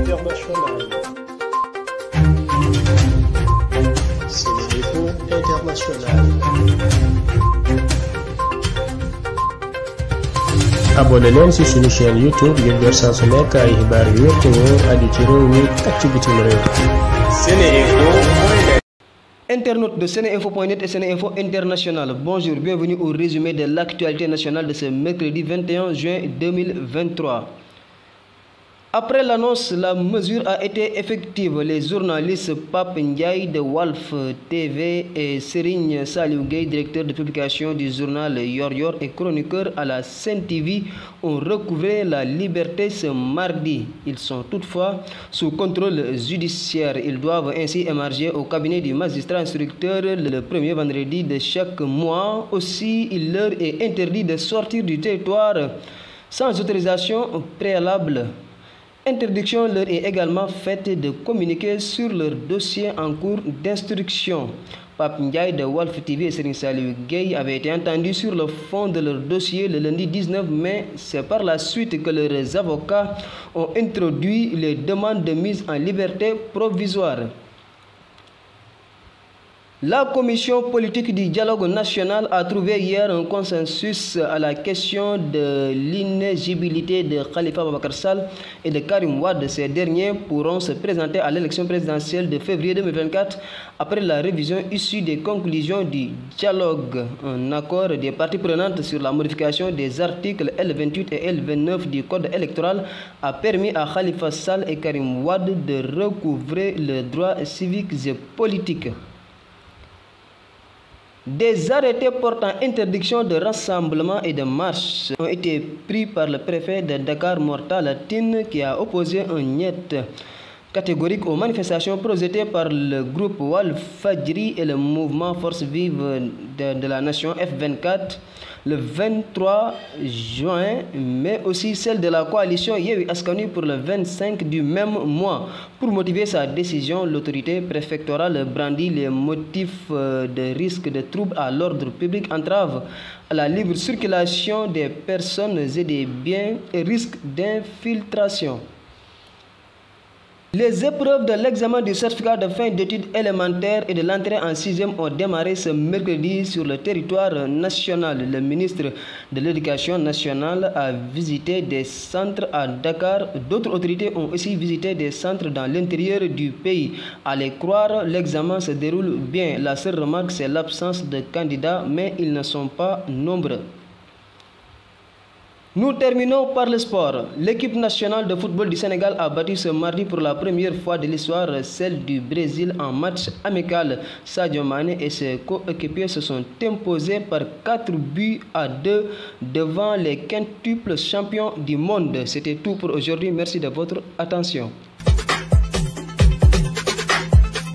internationale. Sénéinfo International. abonné leen ci suñu chaîne YouTube ngir jot saa su nekk ay xibaar yu wér te wóor aju ci réew mi ak ci bitim réew. Sénéinfo. Internautes de Sénéinfo.net et Sénéinfo International, bonjour, bienvenue au résumé de l'actualité nationale de ce Après l'annonce, la mesure a été effective. Les journalistes Pape Ndiaye de Walf TV et Serigne Saliou directeur de publication du journal Yor Yor et chroniqueur à la Sen TV, ont recouvré la liberté ce mardi. Ils sont toutefois sous contrôle judiciaire. Ils doivent ainsi émarger au cabinet du magistrat instructeur le premier vendredi de chaque mois. Aussi, il leur est interdit de sortir du territoire sans autorisation préalable. Interdiction leur est également faite de communiquer sur leur dossier en cours d'instruction. Pape Ndiaye de Wolf TV et Serigne Saliou Gueye avaient été entendus sur le fond de leur dossier le lundi 19 mai. C'est par la suite que leurs avocats ont introduit les demandes de mise en liberté provisoire. La commission politique du dialogue national a trouvé hier un consensus à la question de l'inégibilité de Khalifa Babakarsal et de Karim Wade. Ces derniers pourront se présenter à l'élection présidentielle de février 2024 après la révision issue des conclusions du dialogue. Un des parties prenantes sur la modification des articles L28 et L29 du Code électoral a permis à Khalifa Sall et Karim Wade de recouvrer leurs droits civiques et politiques. Des arrêtés portant interdiction de rassemblement et de marche ont été pris par le préfet de Dakar Mortal Tine qui a opposé un niet catégorique aux manifestations projetées par le groupe Walfadjri et le mouvement Force Vive de, de la Nation F24 le 23 juin, mais aussi celle de la coalition Yewi Askanu pour le 25 du même mois. Pour motiver sa décision, l'autorité préfectorale brandit les motifs euh, de risque de troubles à l'ordre public, entrave à la libre circulation des personnes et des biens et risque d'infiltration. Les épreuves de l'examen du certificat de fin d'études élémentaires et de l'entrée en sixième ont démarré ce mercredi sur le territoire national. Le ministre de l'Éducation nationale a visité des centres à Dakar. D'autres autorités ont aussi visité des centres dans l'intérieur du pays. À les croire, l'examen se déroule bien. La seule remarque, c'est l'absence de candidats, mais ils ne sont pas nombreux. Nous terminons par le sport. L'équipe nationale de football du Sénégal a battu ce mardi pour la première fois de l'histoire celle du Brésil en match amical. Sadio Mane et ses coéquipiers se sont imposés par quatre buts à 2 devant les quintuples champions du monde. C'était tout pour aujourd'hui. Merci de votre attention.